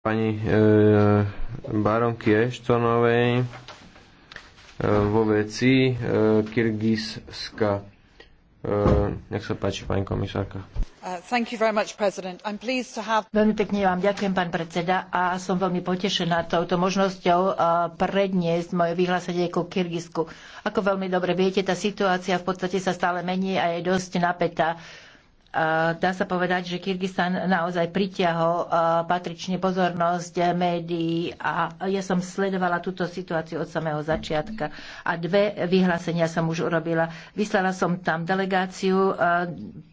pani e, baronky Eštonovej e, vo veci e, Kyrgyzska. E, nech sa páči, pani komisárka. Uh, much, have... Veľmi pekne vám ďakujem, pán predseda, a som veľmi potešená touto možnosťou uh, predniesť moje vyhlásenie ku Kyrgyzsku. Ako veľmi dobre viete, tá situácia v podstate sa stále mení a je dosť napätá dá sa povedať, že Kyrgyzstan naozaj pritiahol patrične pozornosť médií a ja som sledovala túto situáciu od samého začiatka a dve vyhlásenia som už urobila. Vyslala som tam delegáciu,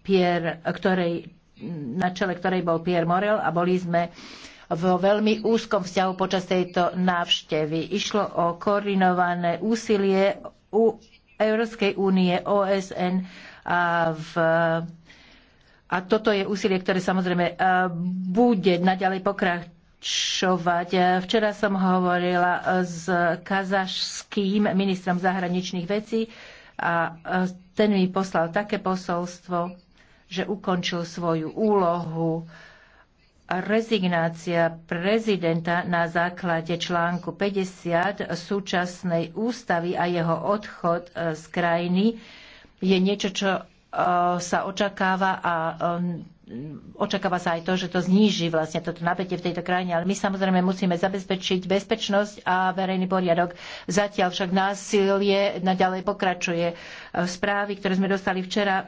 Pierre, ktorej, na čele ktorej bol Pierre Morel a boli sme vo veľmi úzkom vzťahu počas tejto návštevy. Išlo o koordinované úsilie u Európskej únie, OSN a v a toto je úsilie, ktoré samozrejme eh, bude naďalej pokračovať. Eh, včera som hovorila eh, s kazašským ministrom zahraničných vecí a ten mi poslal také posolstvo, že ukončil svoju úlohu rezignácia prezidenta na základe článku 50 súčasnej ústavy a jeho odchod z krajiny je niečo, čo Eh, sa očakáva a eh, očakáva sa aj to, že to zníži vlastne toto napätie v tejto krajine, ale my samozrejme musíme zabezpečiť bezpečnosť a verejný poriadok. Zatiaľ však násilie naďalej pokračuje. Eh, správy, ktoré sme dostali včera,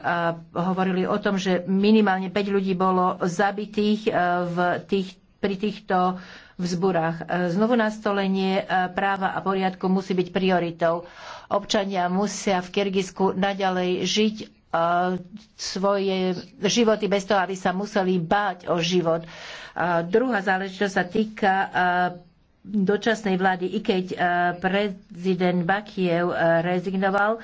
hovorili o tom, že minimálne 5 ľudí bolo zabitých v tých, pri týchto vzburách. Znovu nastolenie práva a poriadku musí byť prioritou. Občania musia v Kyrgyzsku naďalej žiť E, svoje životy bez toho, aby sa museli báť o život. A druhá záležitosť sa týka e, dočasnej vlády. I keď e, prezident Bakiev rezignoval,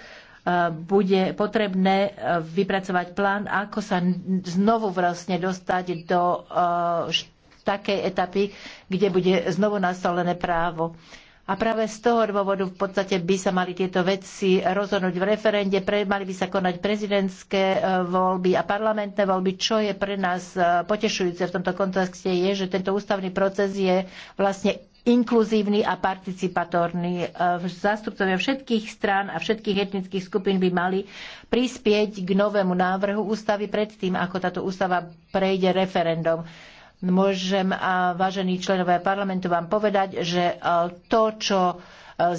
bude potrebné vypracovať plán, ako sa znovu vlastne dostať do takej etapy, kde bude znovu nastolené právo. A práve z toho dôvodu v podstate by sa mali tieto veci rozhodnúť v referende, pre, mali by sa konať prezidentské e, voľby a parlamentné voľby. Čo je pre nás e, potešujúce v tomto kontexte je, že tento ústavný proces je vlastne inkluzívny a participatórny. E, zástupcovia všetkých strán a všetkých etnických skupín by mali prispieť k novému návrhu ústavy predtým, ako táto ústava prejde referendum. Môžem, vážení členovia parlamentu, vám povedať, že e, to, čo e,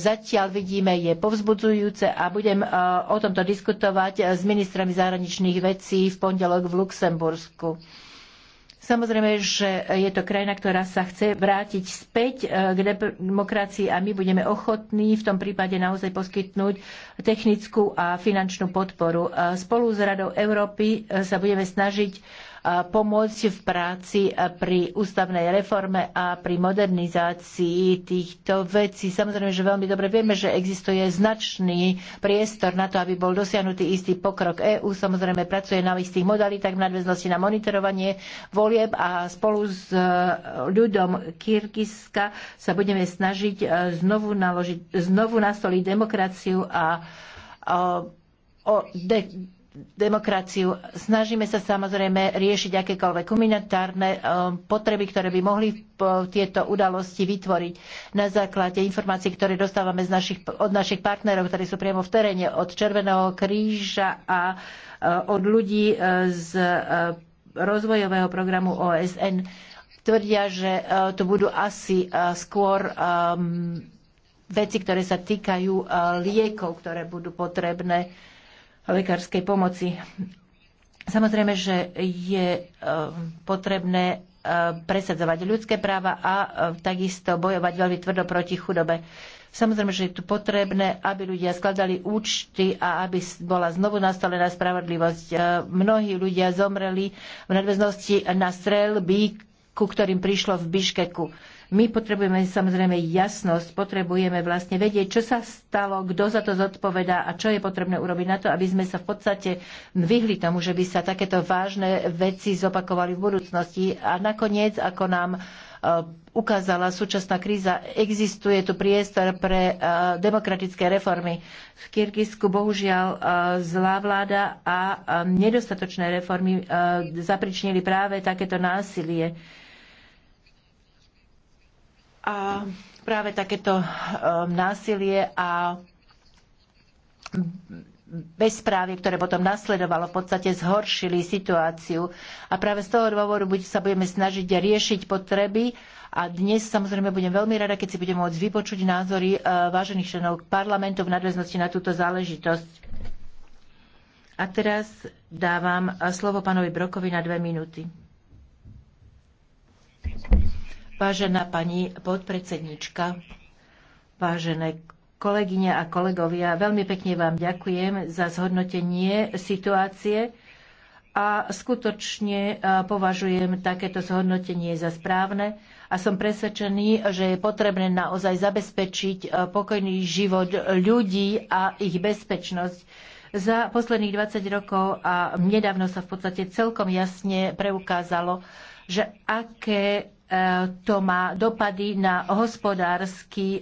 zatiaľ vidíme, je povzbudzujúce a budem e, o tomto diskutovať s ministrami zahraničných vecí v pondelok v Luxembursku. Samozrejme, že je to krajina, ktorá sa chce vrátiť späť k demokracii a my budeme ochotní v tom prípade naozaj poskytnúť technickú a finančnú podporu. Spolu s Radou Európy sa budeme snažiť pomôcť v práci pri ústavnej reforme a pri modernizácii týchto vecí. Samozrejme, že veľmi dobre vieme, že existuje značný priestor na to, aby bol dosiahnutý istý pokrok. EÚ samozrejme pracuje na istých modalitách v nadväznosti na monitorovanie volieb a spolu s e, ľudom Kyrgyzska sa budeme snažiť e, znovu, naložiť, znovu nastoliť demokraciu a o, de, demokraciu. Snažíme sa samozrejme riešiť akékoľvek komunitárne eh, potreby, ktoré by mohli eh, tieto udalosti vytvoriť na základe informácií, ktoré dostávame z našich, od našich partnerov, ktorí sú priamo v teréne, od Červeného kríža a eh, od ľudí z rozvojového programu OSN. Tvrdia, že to budú asi skôr ehm, veci, ktoré sa týkajú liekov, ktoré budú potrebné lekárskej pomoci. Samozrejme, že je eh, potrebné eh, presadzovať ľudské práva a eh, takisto bojovať veľmi tvrdo proti chudobe. Samozrejme, že je tu potrebné, aby ľudia skladali účty a aby bola znovu nastolená spravodlivosť. Mnohí ľudia zomreli v nadväznosti na strelby, ku ktorým prišlo v Biškeku my potrebujeme samozrejme jasnosť, potrebujeme vlastne vedieť, čo sa stalo, kto za to zodpovedá a čo je potrebné urobiť na to, aby sme sa v podstate vyhli tomu, že by sa takéto vážne veci zopakovali v budúcnosti. A nakoniec, ako nám e, ukázala súčasná kríza, existuje tu priestor pre e, demokratické reformy. V Kyrgyzsku bohužiaľ e, zlá vláda a nedostatočné reformy zapričnili práve takéto násilie. A práve takéto um, násilie a bezprávie, ktoré potom nasledovalo, v podstate zhoršili situáciu. A práve z toho dôvodu buď sa budeme snažiť riešiť potreby a dnes samozrejme budem veľmi rada, keď si budeme môcť vypočuť názory uh, vážených členov parlamentu v nadväznosti na túto záležitosť. A teraz dávam uh, slovo pánovi Brokovi na dve minúty. Vážená pani podpredsednička, vážené kolegyne a kolegovia, veľmi pekne vám ďakujem za zhodnotenie situácie a skutočne e, považujem takéto zhodnotenie za správne a som presvedčený, že je potrebné naozaj zabezpečiť e, pokojný život ľudí a ich bezpečnosť. Za posledných 20 rokov a nedávno sa v podstate celkom jasne preukázalo, že aké E, to má dopady na hospodársky e,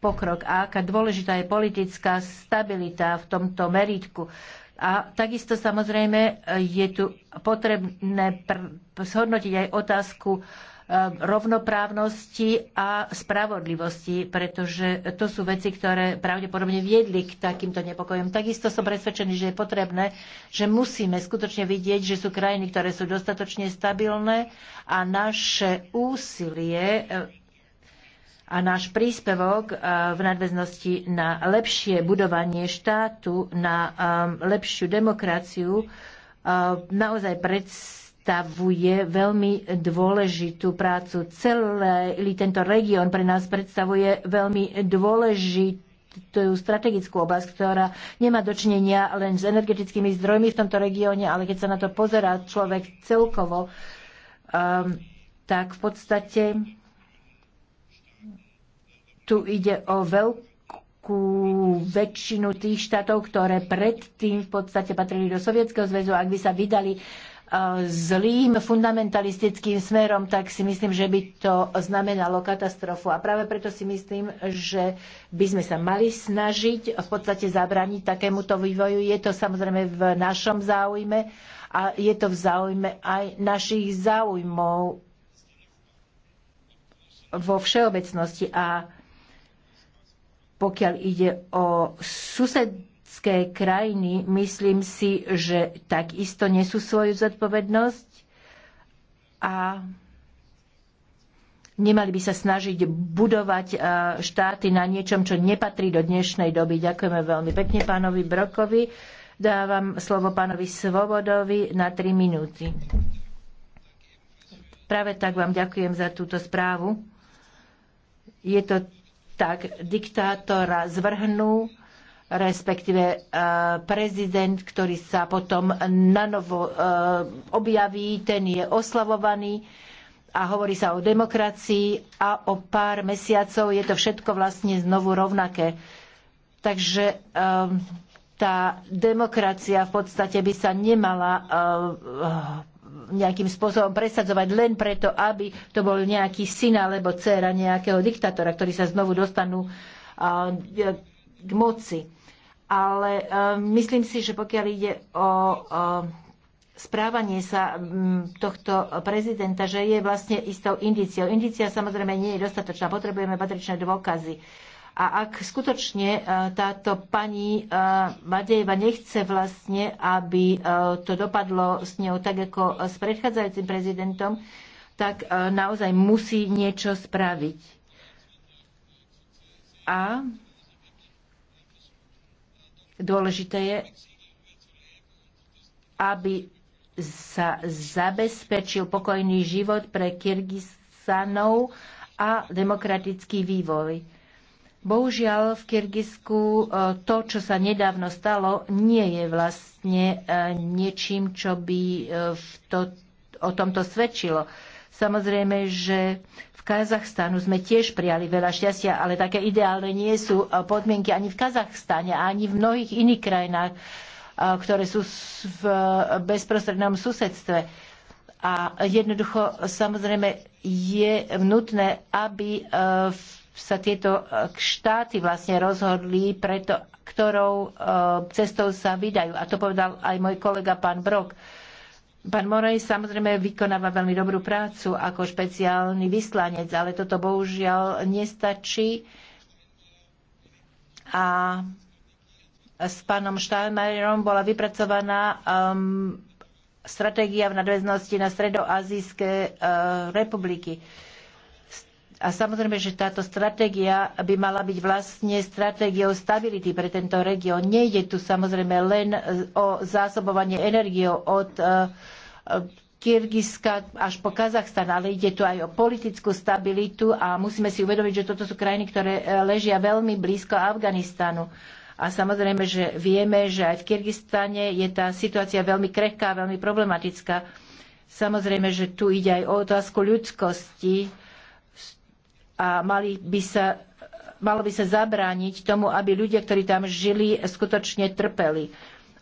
pokrok a aká dôležitá je politická stabilita v tomto meritku. A takisto samozrejme e, je tu potrebné zhodnotiť aj otázku Um, rovnoprávnosti a spravodlivosti, pretože to sú veci, ktoré pravdepodobne viedli k takýmto nepokojom. Takisto som presvedčený, že je potrebné, že musíme skutočne vidieť, že sú krajiny, ktoré sú dostatočne stabilné a naše úsilie um, a náš príspevok uh, v nadväznosti na lepšie budovanie štátu, na um, lepšiu demokraciu uh, naozaj predstavuje predstavuje veľmi dôležitú prácu. Celý tento región pre nás predstavuje veľmi dôležitú strategickú oblasť, ktorá nemá dočinenia len s energetickými zdrojmi v tomto regióne, ale keď sa na to pozerá človek celkovo, um, tak v podstate tu ide o veľkú väčšinu tých štátov, ktoré predtým v podstate patrili do Sovietskeho zväzu, ak by sa vydali zlým fundamentalistickým smerom, tak si myslím, že by to znamenalo katastrofu. A práve preto si myslím, že by sme sa mali snažiť v podstate zabrániť takémuto vývoju. Je to samozrejme v našom záujme a je to v záujme aj našich záujmov vo všeobecnosti. A pokiaľ ide o sused členské krajiny, myslím si, že takisto nesú svoju zodpovednosť a nemali by sa snažiť budovať e, štáty na niečom, čo nepatrí do dnešnej doby. Ďakujeme veľmi pekne pánovi Brokovi. Dávam slovo pánovi Svobodovi na 3 minúty. Práve tak vám ďakujem za túto správu. Je to tak, diktátora zvrhnú, respektíve e, prezident, ktorý sa potom nanovo e, objaví, ten je oslavovaný a hovorí sa o demokracii a o pár mesiacov je to všetko vlastne znovu rovnaké. Takže e, tá demokracia v podstate by sa nemala nejakým spôsobom presadzovať len preto, aby to bol nejaký syn alebo dcéra nejakého diktátora, ktorí sa znovu dostanú k moci ale e, myslím si, že pokiaľ ide o správanie sa tohto prezidenta, že je vlastne istou indiciou. Indícia samozrejme nie je dostatočná, potrebujeme patričné dôkazy. A ak skutočne e, táto pani e, Madejeva nechce vlastne, aby to dopadlo s ňou tak ako s predchádzajúcim prezidentom, tak naozaj musí niečo spraviť. A Dôležité je, aby sa zabezpečil pokojný život pre Kyrgyzstanov a demokratický vývoj. Bohužiaľ v Kyrgyzsku e, to, čo sa nedávno stalo, nie je vlastne e, niečím, čo by e, v to, o tomto svedčilo Samozrejme, že v Kazachstanu sme tiež prijali veľa šťastia, ale také ideálne nie sú e, podmienky ani v Kazachstane, ani v mnohých iných krajinách, e, ktoré sú v e, bezprostrednom susedstve. A jednoducho, samozrejme, je nutné, aby sa tieto štáty vlastne rozhodli, preto, ktorou cestou sa vydajú. A to povedal aj môj kolega pán Brok Pán Morej samozrejme vykonáva veľmi dobrú prácu ako špeciálny vyslanec, ale toto bohužiaľ nestačí. A s pánom Steinmeierom bola vypracovaná um, stratégia v nadväznosti na stredoazijské uh, republiky. Uh, a samozrejme, že táto stratégia by mala byť vlastne stratégiou stability pre tento región. Nejde tu samozrejme len e, o zásobovanie energiou od e, e, Kyrgyzska až po Kazachstan, ale ide tu aj o politickú stabilitu a musíme si uvedomiť, že toto sú krajiny, ktoré ležia veľmi blízko Afganistanu. A samozrejme, že vieme, že aj v Kyrgyzstane je tá situácia veľmi krehká, veľmi problematická. Samozrejme, že tu ide aj o otázku ľudskosti a mali by sa, malo by sa zabrániť tomu, aby ľudia, ktorí tam žili, skutočne trpeli.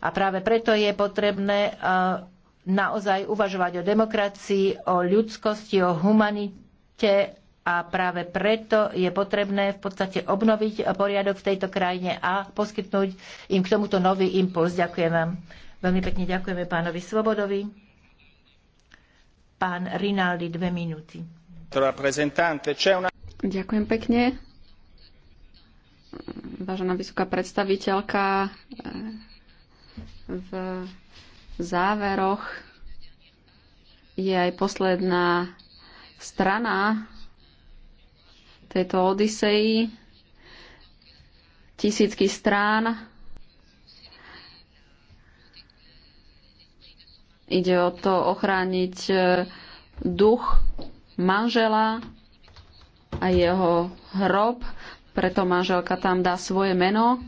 A práve preto je potrebné e, naozaj uvažovať o demokracii, o ľudskosti, o humanite a práve preto je potrebné v podstate obnoviť poriadok v tejto krajine a poskytnúť im k tomuto nový impuls. Ďakujem vám. Veľmi pekne ďakujeme pánovi Svobodovi. Pán Rinaldi, dve minúty. Ďakujem pekne. Vážená vysoká predstaviteľka, eh, v záveroch je aj posledná strana tejto Odisei. Tisícky strán. Ide o to ochrániť eh, duch manžela, aj jeho hrob, preto manželka tam dá svoje meno,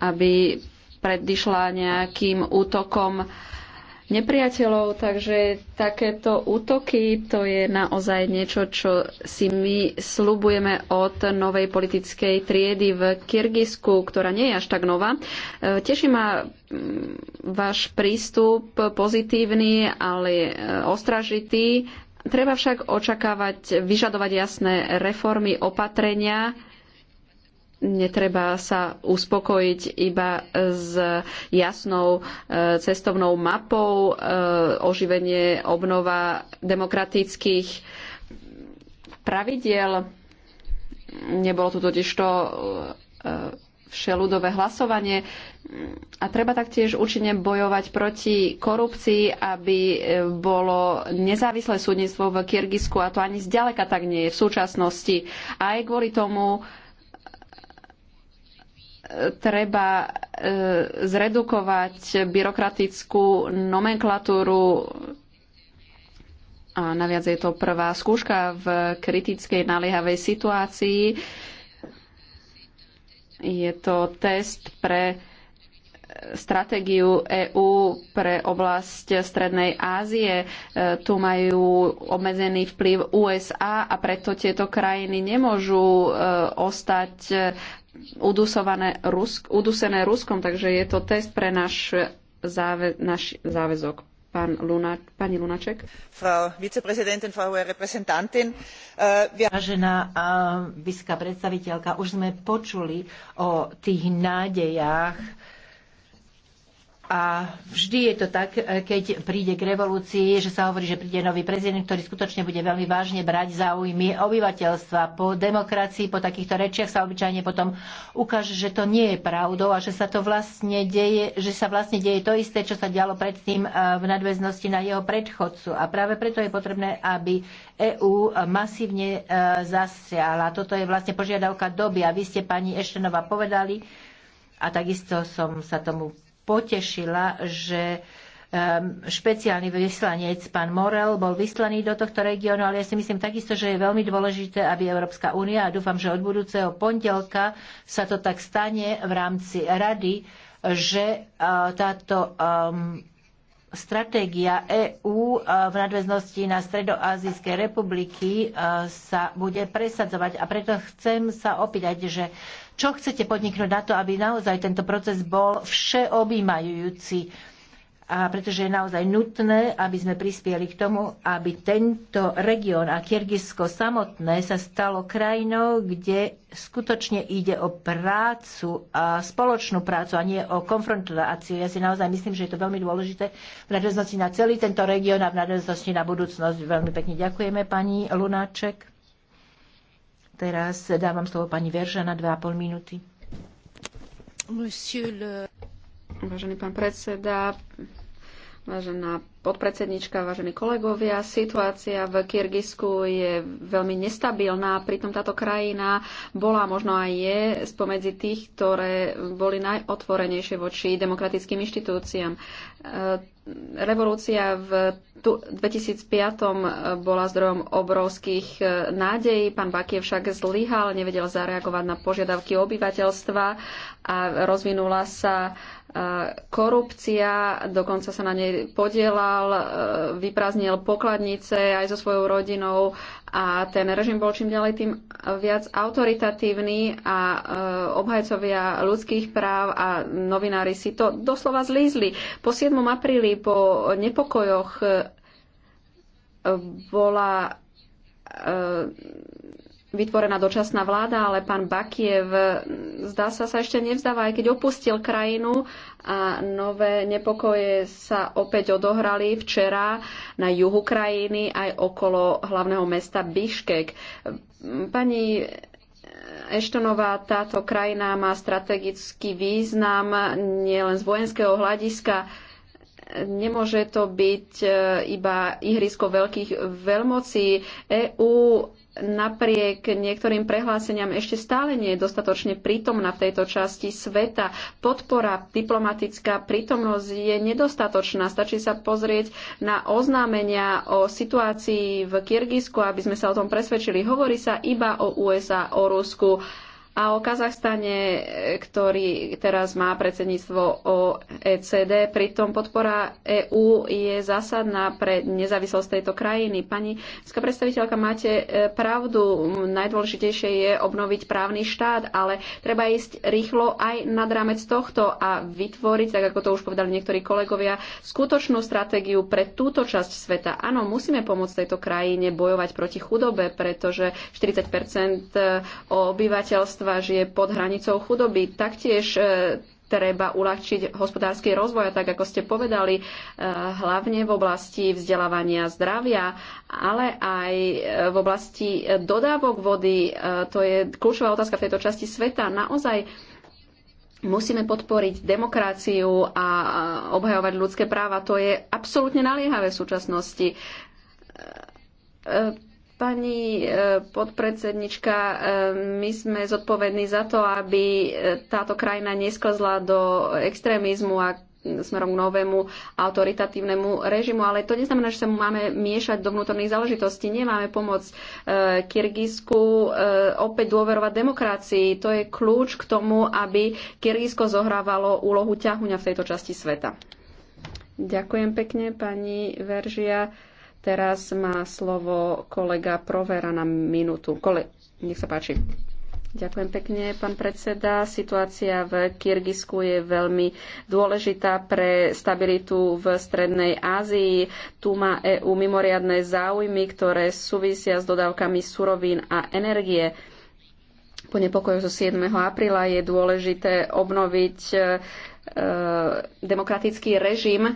aby predišla nejakým útokom nepriateľov, takže takéto útoky to je naozaj niečo, čo si my slubujeme od novej politickej triedy v Kyrgyzsku, ktorá nie je až tak nová. E, teší ma váš prístup pozitívny, ale e, ostražitý Treba však očakávať, vyžadovať jasné reformy, opatrenia. Netreba sa uspokojiť iba s jasnou e, cestovnou mapou, e, oživenie, obnova demokratických pravidiel. Nebolo tu totiž to e, všeludové hlasovanie. A treba taktiež účinne bojovať proti korupcii, aby e, bolo nezávislé súdnictvo v Kyrgyzsku a to ani zďaleka tak nie je v súčasnosti. A aj kvôli tomu e, treba e, zredukovať byrokratickú nomenklatúru a naviac je to prvá skúška v kritickej naliehavej situácii je to test pre e, stratégiu EÚ pre oblasť Strednej Ázie. E, tu majú obmedzený vplyv USA a preto tieto krajiny nemôžu e, ostať udusené Ruskom, takže je to test pre náš záväzok pani Lunaček. Frau viceprezidentin, frau reprezentantin. Äh, Vážená uh, predstaviteľka, už sme počuli o tých nádejach, a vždy je to tak, e, keď príde k revolúcii, že sa hovorí, že príde nový prezident, ktorý skutočne bude veľmi vážne brať záujmy obyvateľstva. Po demokracii, po takýchto rečiach sa obyčajne potom ukáže, že to nie je pravdou a že sa to vlastne deje, že sa vlastne deje to isté, čo sa dialo predtým e, v nadväznosti na jeho predchodcu. A práve preto je potrebné, aby EÚ masívne e, zasiala. Toto je vlastne požiadavka doby a vy ste pani Eštenová povedali a takisto som sa tomu potešila, že špeciálny vyslanec pán Morel bol vyslaný do tohto regiónu, ale ja si myslím takisto, že je veľmi dôležité, aby Európska únia, a dúfam, že od budúceho pondelka sa to tak stane v rámci rady, že e, táto stratégia EÚ e, v nadväznosti na Stredoazijské republiky e, sa bude presadzovať. A preto chcem sa opýtať, že čo chcete podniknúť na to, aby naozaj tento proces bol všeobjímajúci? A pretože je naozaj nutné, aby sme prispieli k tomu, aby tento región a Kyrgyzsko samotné sa stalo krajinou, kde skutočne ide o prácu, a spoločnú prácu a nie o konfrontáciu. Ja si naozaj myslím, že je to veľmi dôležité v nadväznosti na celý tento región a v nadväznosti na budúcnosť. Veľmi pekne ďakujeme, pani Lunáček. Teraz dávam slovo pani Verža na 2,5 minúty. Le... Vážený pán predseda, vážená podpredsednička, vážení kolegovia, situácia v Kyrgyzsku je veľmi nestabilná, pritom táto krajina bola, možno aj je, spomedzi tých, ktoré boli najotvorenejšie voči demokratickým inštitúciám. E, revolúcia v tu 2005 e, bola zdrojom obrovských e, nádejí. Pán Bakie však zlyhal, nevedel zareagovať na požiadavky obyvateľstva a rozvinula sa e, korupcia, dokonca sa na nej podielal, vyprázdnil pokladnice aj so svojou rodinou a ten režim bol čím ďalej tým viac autoritatívny a obhajcovia ľudských práv a novinári si to doslova zlízli. Po 7. apríli, po nepokojoch bola eh, vytvorená dočasná vláda, ale pán Bakiev zdá sa sa ešte nevzdáva, aj keď opustil krajinu a nové nepokoje sa opäť odohrali včera na juhu krajiny aj okolo hlavného mesta Biškek. Pani Eštonová, táto krajina má strategický význam nielen z vojenského hľadiska, Nemôže to byť e, iba ihrisko veľkých veľmocí. EÚ napriek niektorým prehláseniam ešte stále nie je dostatočne prítomná v tejto časti sveta. Podpora diplomatická prítomnosť je nedostatočná. Stačí sa pozrieť na oznámenia o situácii v Kyrgyzsku, aby sme sa o tom presvedčili. Hovorí sa iba o USA, o Rusku a o Kazachstane, ktorý teraz má predsedníctvo OECD, pritom podpora EÚ je zásadná pre nezávislosť tejto krajiny. Pani predstaviteľka, máte e, pravdu, najdôležitejšie je obnoviť právny štát, ale treba ísť rýchlo aj nad rámec tohto a vytvoriť, tak ako to už povedali niektorí kolegovia, skutočnú stratégiu pre túto časť sveta. Áno, musíme pomôcť tejto krajine bojovať proti chudobe, pretože 40 e, obyvateľstva obyvateľstva žije pod hranicou chudoby. Taktiež e, treba uľahčiť hospodársky rozvoj, tak ako ste povedali, e, hlavne v oblasti vzdelávania zdravia, ale aj e, v oblasti dodávok vody. To je kľúčová otázka v tejto časti sveta. Naozaj musíme podporiť demokraciu a obhajovať ľudské práva. To je absolútne naliehavé v súčasnosti Pani e, podpredsednička, e, my sme zodpovední za to, aby e, táto krajina nesklzla do extrémizmu a smerom k novému autoritatívnemu režimu, ale to neznamená, že sa mu máme miešať do vnútorných záležitostí. Nemáme pomoc Kyrgyzsku opäť dôverovať demokracii. To je kľúč k tomu, aby Kyrgyzsko zohrávalo úlohu ťahuňa v tejto časti sveta. Ďakujem pekne, pani Veržia. Teraz má slovo kolega Provera na minútu. Kole- Nech sa páči. Ďakujem pekne, pán predseda. Situácia v Kyrgyzsku je veľmi dôležitá pre stabilitu v Strednej Ázii. Tu má EÚ mimoriadne záujmy, ktoré súvisia s dodávkami surovín a energie. Po nepokoju zo 7. apríla je dôležité obnoviť e, demokratický režim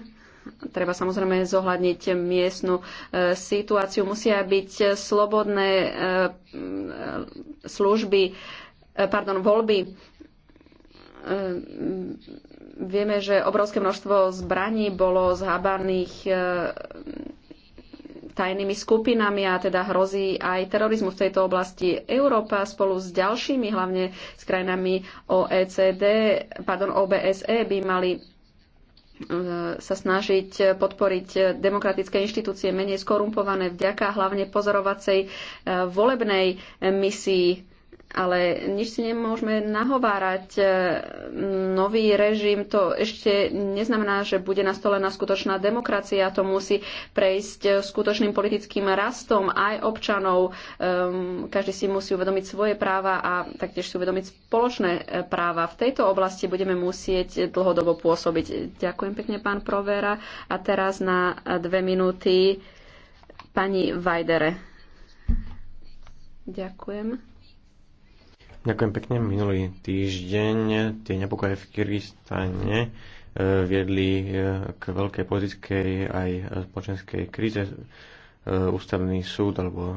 Treba samozrejme zohľadniť miestnu e, situáciu. Musia byť slobodné e, e, služby, pardon, voľby. Vieme, že obrovské množstvo zbraní bolo zhábaných tajnými skupinami a teda hrozí aj terorizmu v tejto oblasti. Európa spolu s ďalšími, hlavne s krajinami OECD, pardon, OBSE by mali E, sa snažiť podporiť demokratické inštitúcie menej skorumpované vďaka hlavne pozorovacej e, volebnej misii ale nič si nemôžeme nahovárať. E, nový režim to ešte neznamená, že bude nastolená skutočná demokracia. To musí prejsť skutočným politickým rastom aj občanov. E, každý si musí uvedomiť svoje práva a taktiež si uvedomiť spoločné e, práva. V tejto oblasti budeme musieť dlhodobo pôsobiť. Ďakujem pekne, pán Provera. A teraz na dve minúty pani Vajdere. Ďakujem. Ďakujem pekne. Minulý týždeň tie nepokoje v Kyrgyzstane e, viedli e, k veľkej politickej aj spoločenskej kríze. E, ústavný súd, alebo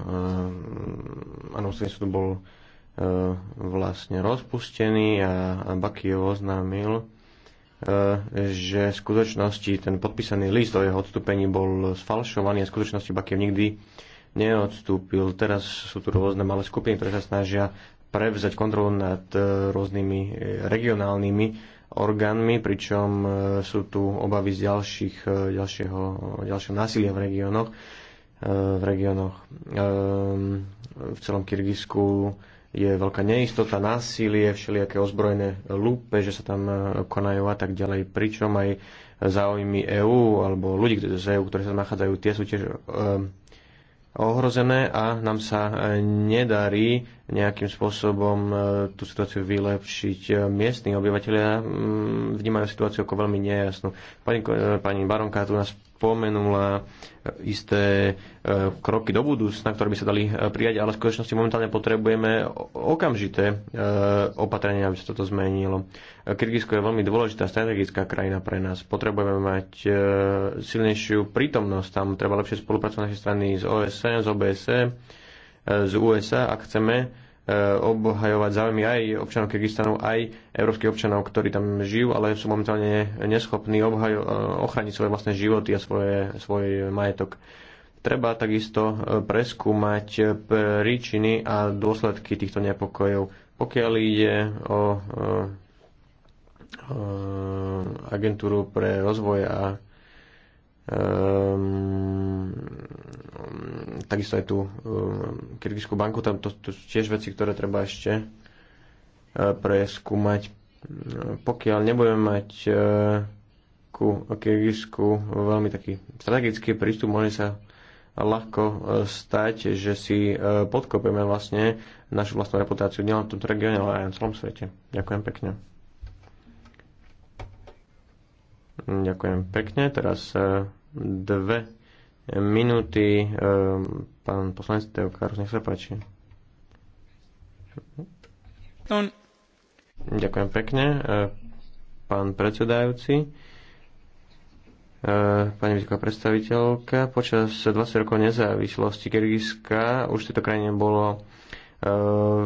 áno, ústavný súd bol vlastne rozpustený a Bakio oznámil, že v skutočnosti ten podpísaný list o jeho odstúpení bol sfalšovaný a v skutočnosti Bakio nikdy neodstúpil. Teraz sú tu rôzne malé skupiny, ktoré sa snažia prevzať kontrolu nad e, rôznymi e, regionálnymi orgánmi, pričom e, sú tu obavy z ďalších, ďalšieho, ďalšieho násilia v regiónoch. V regiónoch. V celom Kyrgyzsku je veľká neistota, násilie, všelijaké ozbrojené lúpe, že sa tam konajú a tak ďalej. Pričom aj záujmy EÚ alebo ľudí z EÚ, ktorí sa nachádzajú, tie sú tiež ohrozené a nám sa e, nedarí nejakým spôsobom e, tú situáciu vylepšiť. E, miestni obyvateľia mm, vnímajú situáciu ako veľmi nejasnú. Pani, pani Baronka tu nás spomenula e, isté e, kroky do budúcna, ktoré by sa dali e, prijať, ale v skutočnosti momentálne potrebujeme okamžité opatrenia, aby sa toto zmenilo. Kyrgyzsko je veľmi dôležitá strategická krajina pre nás. Potrebujeme mať silnejšiu prítomnosť, tam treba lepšie spolupracovať našej strany z OSN, z OBS, z USA, ak chceme Eh, obhajovať záujmy aj občanov Kyrgyzstanu, aj európskych občanov, ktorí tam žijú, ale sú momentálne neschopní obhajo- eh, ochrániť svoje vlastné životy a svoje, svoj majetok. Treba takisto eh, preskúmať príčiny a dôsledky týchto nepokojov. Pokiaľ ide o agentúru pre rozvoj a ehm, Ehm, takisto aj tú ehm, Kyrgyzskú banku, tam to, to sú tiež veci, ktoré treba ešte e, preskúmať. Ehm, pokiaľ nebudeme mať e, ku Kyrgyzsku veľmi taký strategický prístup, môže sa ľahko e, stať, že si podkopeme vlastne našu vlastnú reputáciu nielen v tomto regióne, ale aj na celom svete. Ďakujem pekne. Ďakujem pekne. Teraz dve minúty. Eh, pán poslanec Teokáros, nech sa páči. On. Ďakujem pekne. Eh, pán predsedajúci, eh, pani vysoká predstaviteľka, počas 20 rokov nezávislosti Kyrgyzska už v tejto krajine bolo Eh,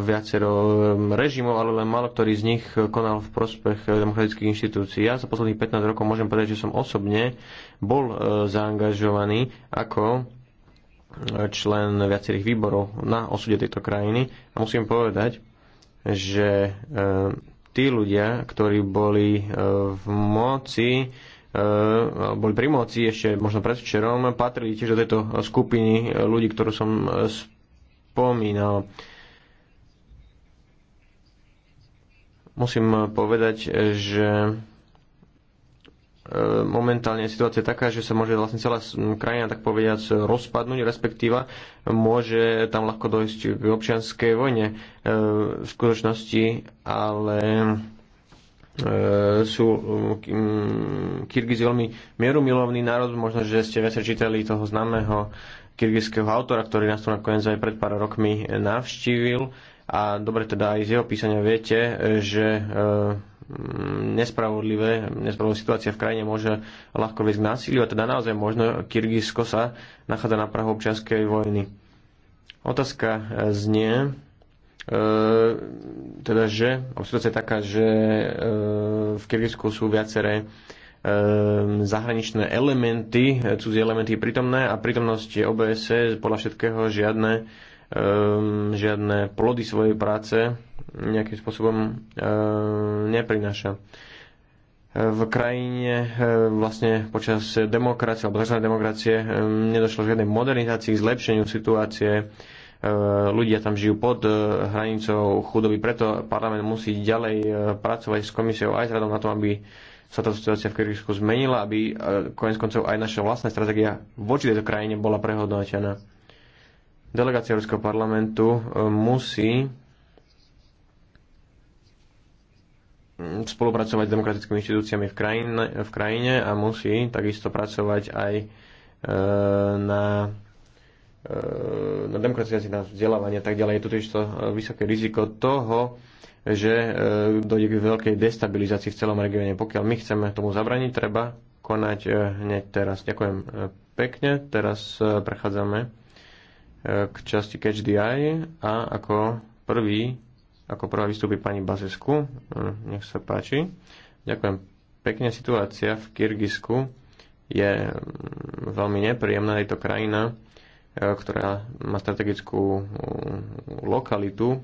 viacero eh, režimov, ale len málo ktorý z nich konal v prospech eh, demokratických inštitúcií. Ja za posledných 15 rokov môžem povedať, že som osobne bol zaangažovaný ako člen viacerých výborov na osude tejto krajiny a musím povedať, že tí ľudia, ktorí boli v moci, boli pri moci ešte možno predvčerom, patrili tiež do tejto skupiny ľudí, ktorú som spomínal. Musím eh, povedať, eh, že eh, momentálne je situácia taká, že sa môže vlastne celá krajina, tak povediať, rozpadnúť, respektíva môže tam ľahko dojsť k občianskej vojne v skutočnosti, ale sú Kyrgyz veľmi mierumilovný národ, možno, že ste viacej čítali toho známeho kyrgyzského autora, ktorý nás tu nakoniec aj pred pár rokmi navštívil a dobre teda aj z jeho písania viete, že e, nespravodlivé, nespravodlivá situácia v krajine môže ľahko viesť k násiliu a teda naozaj možno Kyrgyzsko sa nachádza na prahu občianskej vojny. Otázka e, znie, e, teda že, situácia je taká, že e, v Kyrgyzsku sú viaceré e, zahraničné elementy, cudzie elementy prítomné a prítomnosť OBS podľa všetkého žiadne um, žiadne plody svojej práce nejakým spôsobom um, neprináša. Ehm, v krajine vlastne počas demokracie alebo tzv. demokracie um, nedošlo k žiadnej modernizácii, zlepšeniu situácie. ľudia tam žijú pod uh, hranicou chudoby, preto parlament musí ďalej uh, pracovať s komisiou aj s radom na tom, aby sa tá situácia v Kyrgyzsku zmenila, aby koniec eh, konec koncov aj naša vlastná stratégia voči tejto krajine bola prehodnotená delegácia Európskeho parlamentu e, musí spolupracovať s demokratickými inštitúciami v krajine, v krajine a musí takisto pracovať aj e, na, e, na demokratizácii, na vzdelávanie a tak ďalej. Je tu tiež to vysoké riziko toho, že dojde k veľkej destabilizácii v celom regióne. Pokiaľ my chceme tomu zabraniť, treba konať hneď teraz. Ďakujem pekne. Teraz prechádzame Eh, k časti Catch the Eye a ako prvý, ako prvá vystúpi pani Bazesku. Eh, nech sa páči. Ďakujem pekne. Situácia v Kyrgyzsku je mm, veľmi nepríjemná. Je to krajina, eh, ktorá má strategickú mm, lokalitu.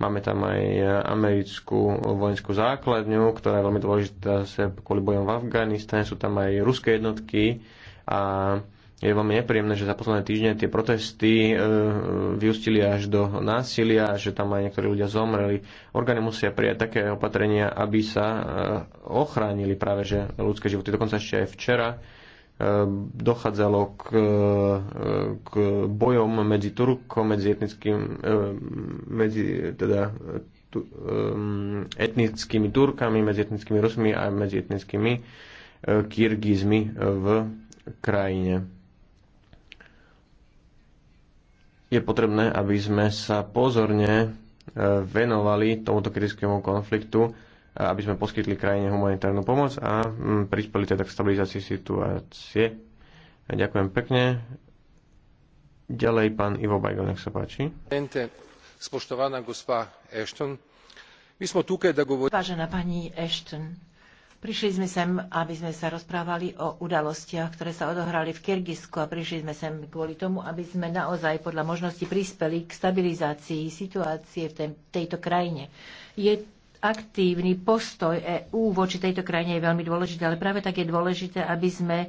Máme tam aj americkú vojenskú základňu, ktorá je veľmi dôležitá kvôli bojom v Afganistane. Sú tam aj ruské jednotky a je veľmi nepríjemné, že za posledné týždne tie protesty e, e, vyústili až do násilia, že tam aj niektorí ľudia zomreli. Orgány musia prijať také opatrenia, aby sa e, ochránili práve že ľudské životy. Dokonca ešte aj včera e, dochádzalo k, e, k bojom medzi Turkom, medzi etnickým, e, medzi teda tu, e, etnickými Turkami, medzi etnickými Rusmi a medzi etnickými e, Kyrgyzmi v krajine. je potrebné, aby sme sa pozorne e, venovali tomuto kritickému konfliktu, e, aby sme poskytli krajine humanitárnu pomoc a mm, prispeli teda k stabilizácii situácie. E, ďakujem pekne. Ďalej pán Ivo Bajgo, nech sa páči. Spoštovaná gospa Ashton, my sme tu, keď Vážená pani Ashton, Prišli sme sem, aby sme sa rozprávali o udalostiach, ktoré sa odohrali v Kyrgyzsku a prišli sme sem kvôli tomu, aby sme naozaj podľa možnosti prispeli k stabilizácii situácie v tejto krajine. Je aktívny postoj EÚ voči tejto krajine je veľmi dôležité, ale práve tak je dôležité, aby sme e,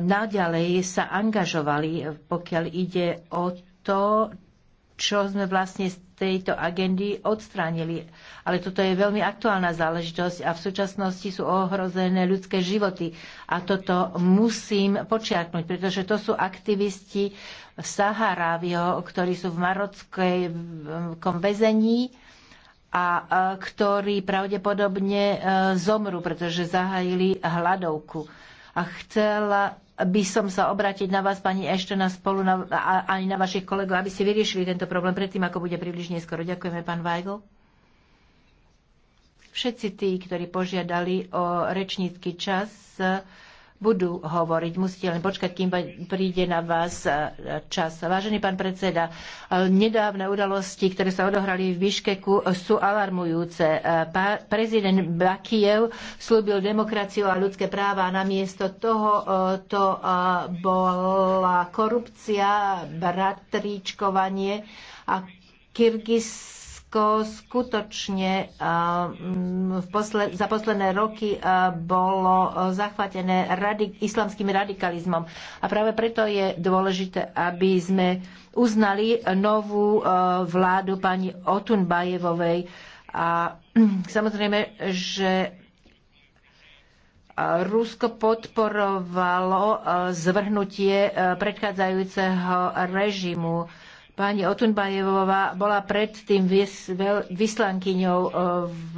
naďalej sa angažovali, pokiaľ ide o to, čo sme vlastne z tejto agendy odstránili. Ale toto je veľmi aktuálna záležitosť a v súčasnosti sú ohrozené ľudské životy. A toto musím počiarknúť, pretože to sú aktivisti Saharávio, ktorí sú v marockej vezení a e, ktorí pravdepodobne e, zomru, pretože zahájili hladovku. A chcela by som sa obrátiť na vás, pani Eštena, spolu na, a, aj na vašich kolegov, aby ste vyriešili tento problém predtým, ako bude príliš neskoro. Ďakujeme, pán Weigl. Všetci tí, ktorí požiadali o rečnícky čas, budú hovoriť. Musíte len počkať, kým príde na vás e, čas. Vážený pán predseda, e, nedávne udalosti, ktoré sa odohrali v Biškeku, e, sú alarmujúce. Prezident Bakiev slúbil demokraciu a ľudské práva a namiesto toho to bola korupcia, bratríčkovanie a Kyrgyz Slovensko skutočne za posledné roky bolo zachvatené islamským radikalizmom. A práve preto je dôležité, aby sme uznali novú vládu pani Otunbajevovej. A samozrejme, že Rusko podporovalo zvrhnutie predchádzajúceho režimu Pani Otunbajevová bola predtým vyslankyňou e, v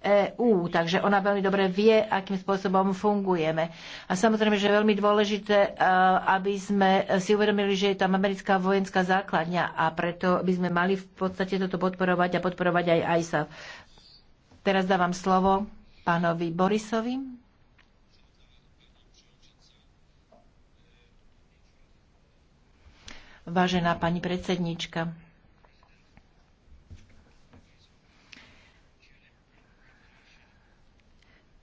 EÚ, e takže ona veľmi dobre vie, akým spôsobom fungujeme. A samozrejme, že je veľmi dôležité, e, aby sme si uvedomili, že je tam americká vojenská základňa a preto by sme mali v podstate toto podporovať a podporovať aj ISAF. Teraz dávam slovo pánovi Borisovi. vážená pani predsednička.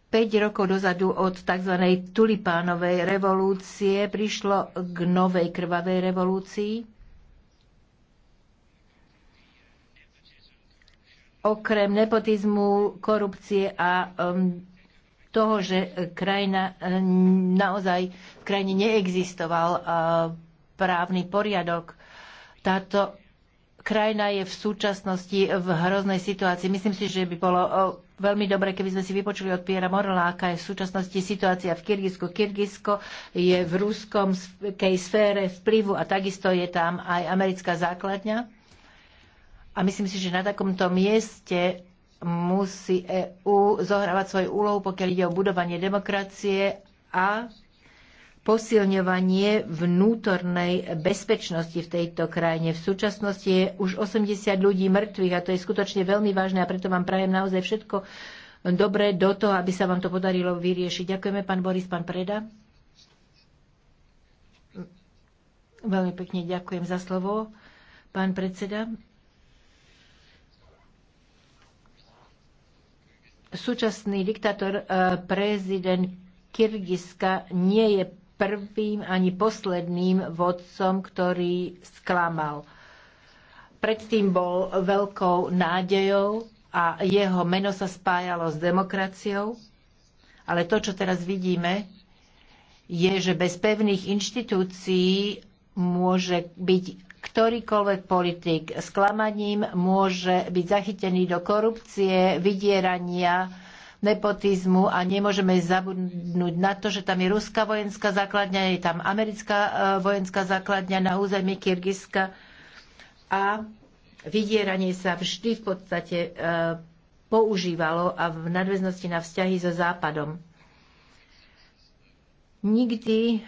Päť rokov dozadu od tzv. tulipánovej revolúcie prišlo k novej krvavej revolúcii. okrem nepotizmu, korupcie a um, toho, že krajina um, naozaj v krajine neexistoval uh, právny poriadok. Táto krajina je v súčasnosti v hroznej situácii. Myslím si, že by bolo veľmi dobré, keby sme si vypočuli od Piera Morla, aká je v súčasnosti situácia v Kyrgyzsku. Kyrgyzsko je v ruskomkej sfére vplyvu a takisto je tam aj americká základňa. A myslím si, že na takomto mieste musí EU zohrávať svoju úlohu, pokiaľ ide o budovanie demokracie a posilňovanie vnútornej bezpečnosti v tejto krajine. V súčasnosti je už 80 ľudí mŕtvych a to je skutočne veľmi vážne a preto vám prajem naozaj všetko dobré do toho, aby sa vám to podarilo vyriešiť. Ďakujeme, pán Boris, pán Preda. Veľmi pekne ďakujem za slovo, pán predseda. Súčasný diktátor, eh, prezident Kyrgyzska nie je prvým ani posledným vodcom, ktorý sklamal. Predtým bol veľkou nádejou a jeho meno sa spájalo s demokraciou, ale to, čo teraz vidíme, je, že bez pevných inštitúcií môže byť ktorýkoľvek politik sklamaním, môže byť zachytený do korupcie, vydierania, nepotizmu a nemôžeme zabudnúť na to, že tam je ruská vojenská základňa, je tam americká e, vojenská základňa na území Kyrgyzska a vydieranie sa vždy v podstate e, používalo a v nadväznosti na vzťahy so Západom. Nikdy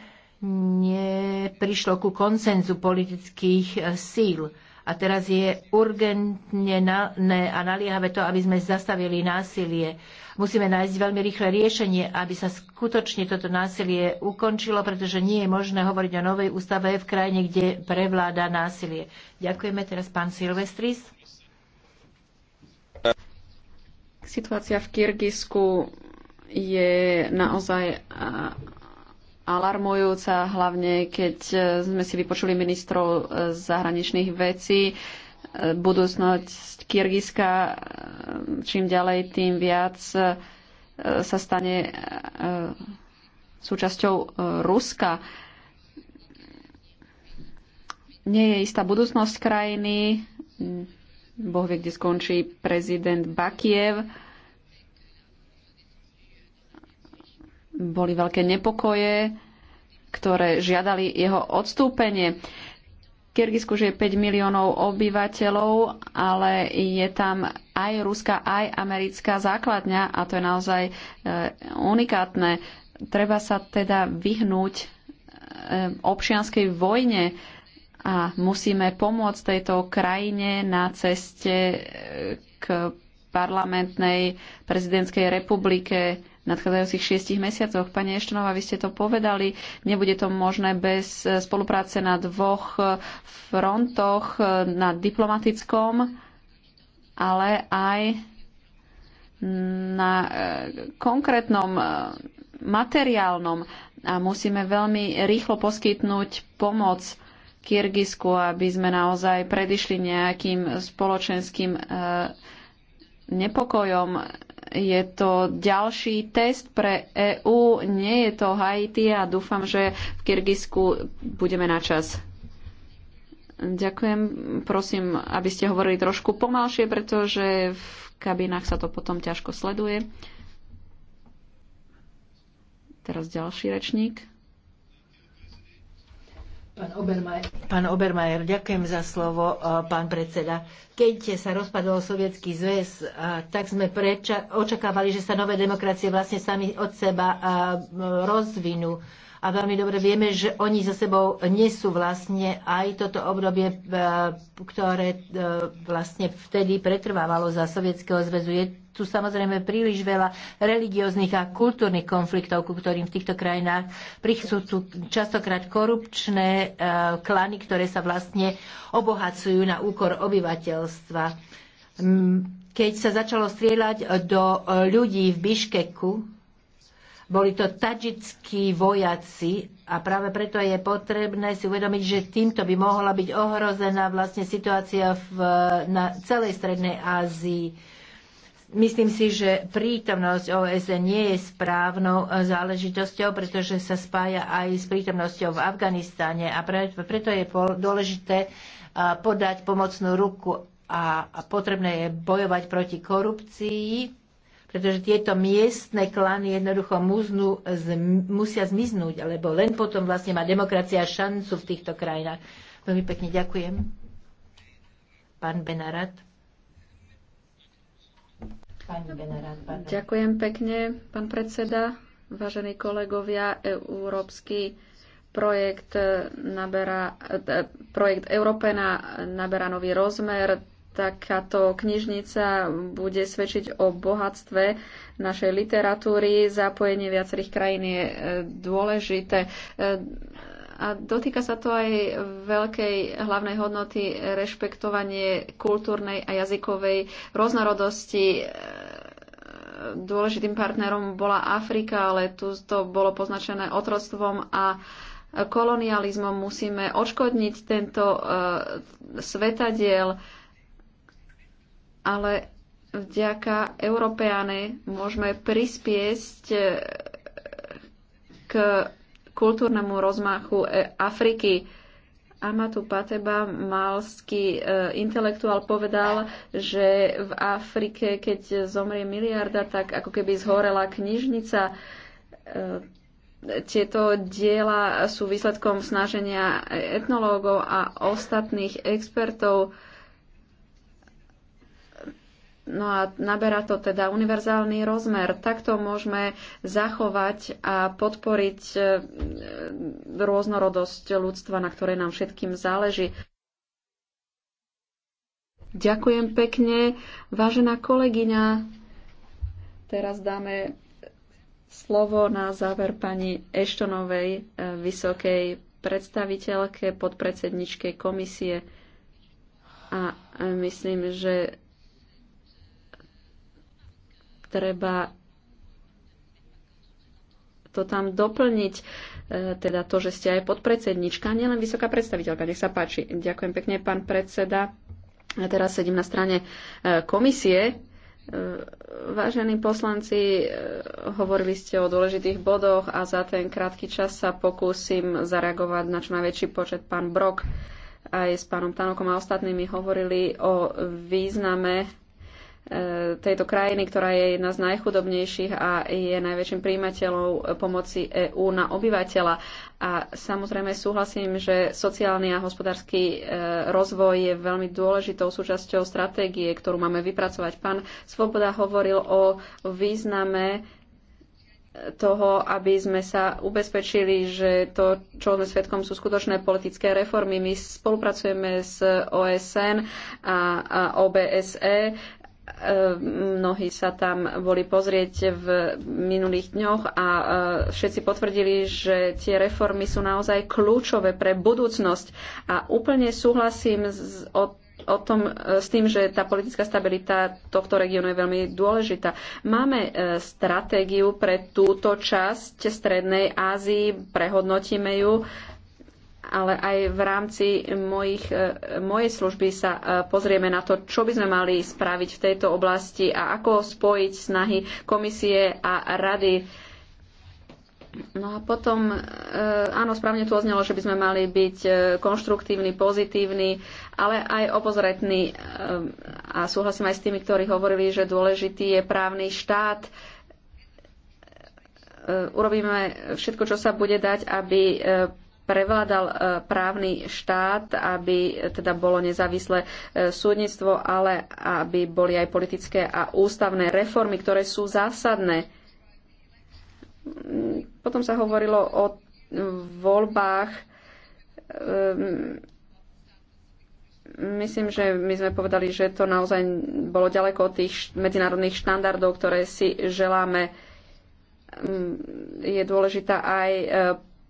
neprišlo ku koncenzu politických e, síl a teraz je urgentne a naliehavé to, aby sme zastavili násilie. Musíme nájsť veľmi rýchle riešenie, aby sa skutočne toto násilie ukončilo, pretože nie je možné hovoriť o novej ústave v krajine, kde prevláda násilie. Ďakujeme teraz pán Silvestris. Situácia v Kyrgyzsku je naozaj alarmujúca, hlavne keď e, sme si vypočuli ministrov e, zahraničných vecí. E, budúcnosť Kyrgyzska čím ďalej, tým viac sa stane súčasťou Ruska. Nie je istá budúcnosť krajiny. Boh vie, kde skončí prezident Bakiev boli veľké nepokoje, ktoré žiadali jeho odstúpenie. Kyrgyzsku žije 5 miliónov obyvateľov, ale je tam aj ruská, aj americká základňa a to je naozaj e, unikátne. Treba sa teda vyhnúť e, občianskej vojne a musíme pomôcť tejto krajine na ceste e, k parlamentnej prezidentskej republike nadchádzajúcich šiestich mesiacoch. Pani Eštonová, vy ste to povedali, nebude to možné bez eh, spolupráce na dvoch eh, frontoch, eh, na diplomatickom, ale aj na konkrétnom materiálnom a musíme veľmi rýchlo poskytnúť pomoc Kyrgyzsku, aby sme naozaj predišli nejakým spoločenským nepokojom je to ďalší test pre EÚ, nie je to Haiti a dúfam, že v Kyrgyzsku budeme na čas. Ďakujem. Prosím, aby ste hovorili trošku pomalšie, pretože v kabinách sa to potom ťažko sleduje. Teraz ďalší rečník. Pán Obermajer. Pán Obermajer, ďakujem za slovo, e, pán predseda. Keď sa rozpadol Sovietský zväz, e, tak sme preča- očakávali, že sa nové demokracie vlastne sami od seba e, rozvinú. A veľmi dobre vieme, že oni za sebou nesú vlastne aj toto obdobie, ktoré vlastne vtedy pretrvávalo za Sovietskeho zväzu. Je tu samozrejme príliš veľa religióznych a kultúrnych konfliktov, ku ktorým v týchto krajinách prichcú tu častokrát korupčné e, klany, ktoré sa vlastne obohacujú na úkor obyvateľstva. Keď sa začalo strieľať do e, ľudí v Biškeku, boli to tadžickí vojaci a práve preto je potrebné si uvedomiť, že týmto by mohla byť ohrozená vlastne situácia v, na celej Strednej Ázii Myslím si, že prítomnosť OSN nie je správnou eh, záležitosťou, pretože sa spája aj s prítomnosťou v Afganistáne a preto je dôležité eh, podať pomocnú ruku a potrebné je bojovať proti korupcii, pretože tieto miestne klany jednoducho muznú, musia zmiznúť, lebo len potom vlastne má demokracia šancu v týchto krajinách. Veľmi pekne ďakujem. Pán Benarat. Pani Ďakujem pekne, pán predseda. Vážení kolegovia, európsky projekt, naberá, e, projekt Európena naberá nový rozmer. Takáto knižnica bude svedčiť o bohatstve našej literatúry. Zapojenie viacerých krajín je e, dôležité e, a dotýka sa to aj veľkej hlavnej hodnoty rešpektovanie kultúrnej a jazykovej rôznorodosti dôležitým partnerom bola Afrika, ale tu to bolo poznačené otroctvom a kolonializmom. Musíme odškodniť tento uh, svetadiel, ale vďaka Európeane môžeme prispieť e, k kultúrnemu rozmachu e, Afriky. Amatu Pateba, malský e, intelektuál, povedal, že v Afrike, keď zomrie miliarda, tak ako keby zhorela knižnica. E, tieto diela sú výsledkom snaženia etnológov a ostatných expertov No a naberá to teda univerzálny rozmer. Takto môžeme zachovať a podporiť e, rôznorodosť ľudstva, na ktorej nám všetkým záleží. Ďakujem pekne. Vážená kolegyňa, teraz dáme slovo na záver pani Eštonovej, e, vysokej predstaviteľke, podpredsedničkej komisie. A e, myslím, že treba to tam doplniť, e, teda to, že ste aj podpredsednička, nielen vysoká predstaviteľka. Nech sa páči. Ďakujem pekne, pán predseda. A teraz sedím na strane e, komisie. E, vážení poslanci, hovorili ste o dôležitých bodoch a za ten krátky čas sa pokúsim zareagovať na čo najväčší počet pán Brok aj s pánom Tanokom a ostatnými hovorili o význame E, tejto krajiny, ktorá je jedna z najchudobnejších a je najväčším príjimateľom pomoci EÚ na obyvateľa. A samozrejme súhlasím, že sociálny a hospodársky e, rozvoj je veľmi dôležitou súčasťou stratégie, ktorú máme vypracovať. Pán Svoboda hovoril o význame toho, aby sme sa ubezpečili, že to, čo sme svetkom, sú skutočné politické reformy. My spolupracujeme s OSN a, a OBSE Ehm, mnohí sa tam boli pozrieť v minulých dňoch a ehm, všetci potvrdili, že tie reformy sú naozaj kľúčové pre budúcnosť. A úplne súhlasím s, o, o tom, e, s tým, že tá politická stabilita tohto regiónu je veľmi dôležitá. Máme e, stratégiu pre túto časť Strednej Ázii, prehodnotíme ju ale aj v rámci mojich, e, mojej služby sa e, pozrieme na to, čo by sme mali spraviť v tejto oblasti a ako spojiť snahy komisie a rady. No a potom, e, áno, správne tu oznelo, že by sme mali byť konštruktívni, pozitívni, ale aj obozretní. A súhlasím aj s tými, ktorí hovorili, že dôležitý je právny štát, urobíme všetko, čo sa bude dať, aby prevládal e, právny štát, aby teda bolo nezávislé e, súdnictvo, ale aby boli aj politické a ústavné reformy, ktoré sú zásadné. Potom sa hovorilo o voľbách. Ehm, myslím, že my sme povedali, že to naozaj bolo ďaleko od tých medzinárodných štandardov, ktoré si želáme. Ehm, je dôležitá aj e,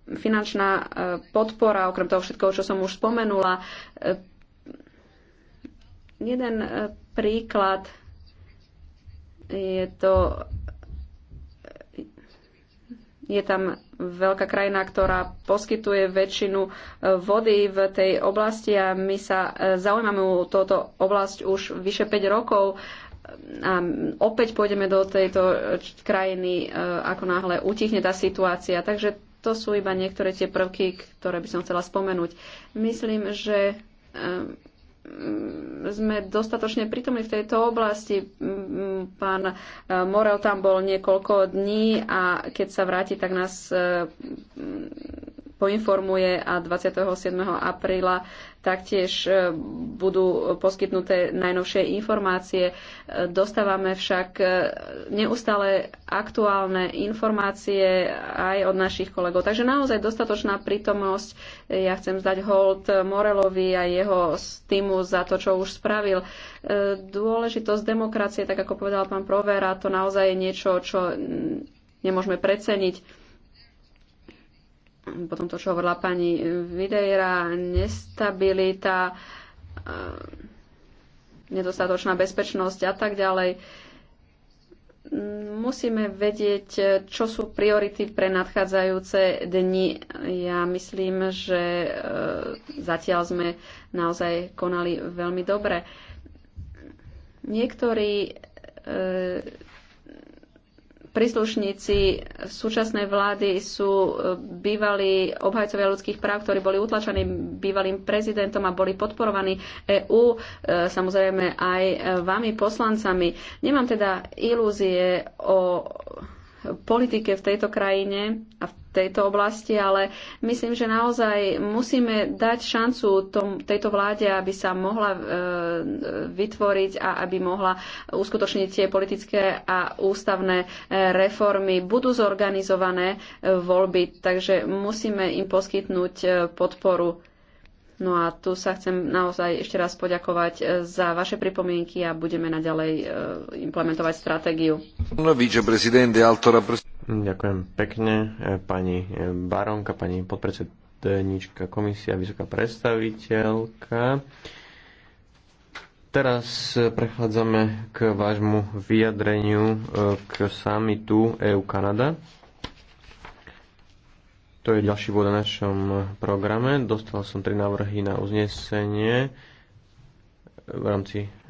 finančná e, podpora, okrem toho všetkoho, čo som už spomenula. E, jeden e, príklad je to je tam veľká krajina, ktorá poskytuje väčšinu vody v tej oblasti a my sa zaujímame o túto oblasť už vyše 5 rokov a opäť pôjdeme do tejto krajiny, ako náhle utichne tá situácia. Takže to sú iba niektoré tie prvky, ktoré by som chcela spomenúť. Myslím, že mm, sme dostatočne prítomní v tejto oblasti. Pán e, Morel tam bol niekoľko dní a keď sa vráti, tak nás e, poinformuje a 27. apríla taktiež e, budú poskytnuté najnovšie informácie. E, dostávame však e, neustále aktuálne informácie aj od našich kolegov. Takže naozaj dostatočná prítomnosť. Ja chcem zdať hold Morelovi a jeho týmu za to, čo už spravil. Dôležitosť demokracie, tak ako povedal pán Provera, to naozaj je niečo, čo nemôžeme preceniť potom to, čo hovorila pani Videira, nestabilita, e, nedostatočná bezpečnosť a tak ďalej. Musíme vedieť, čo sú priority pre nadchádzajúce dni. Ja myslím, že e, zatiaľ sme naozaj konali veľmi dobre. Niektorí e, príslušníci súčasnej vlády sú e, bývalí obhajcovia ľudských práv, ktorí boli utlačení bývalým prezidentom a boli podporovaní EÚ, e, samozrejme aj e, vami poslancami. Nemám teda ilúzie o politike v tejto krajine a v tejto oblasti, ale myslím, že naozaj musíme dať šancu tom, tejto vláde, aby sa mohla e, vytvoriť a aby mohla uskutočniť tie politické a ústavné e, reformy. Budú zorganizované e, voľby, takže musíme im poskytnúť e, podporu No a tu sa chcem naozaj ešte raz poďakovať e, za vaše pripomienky a budeme naďalej e, implementovať stratégiu. No, Ďakujem pekne, e, pani Baronka, pani podpredsedníčka komisia, vysoká predstaviteľka. Teraz prechádzame k vášmu vyjadreniu k samitu EU-Kanada. To je ďalší bod na našom programe. Dostal som tri návrhy na uznesenie v rámci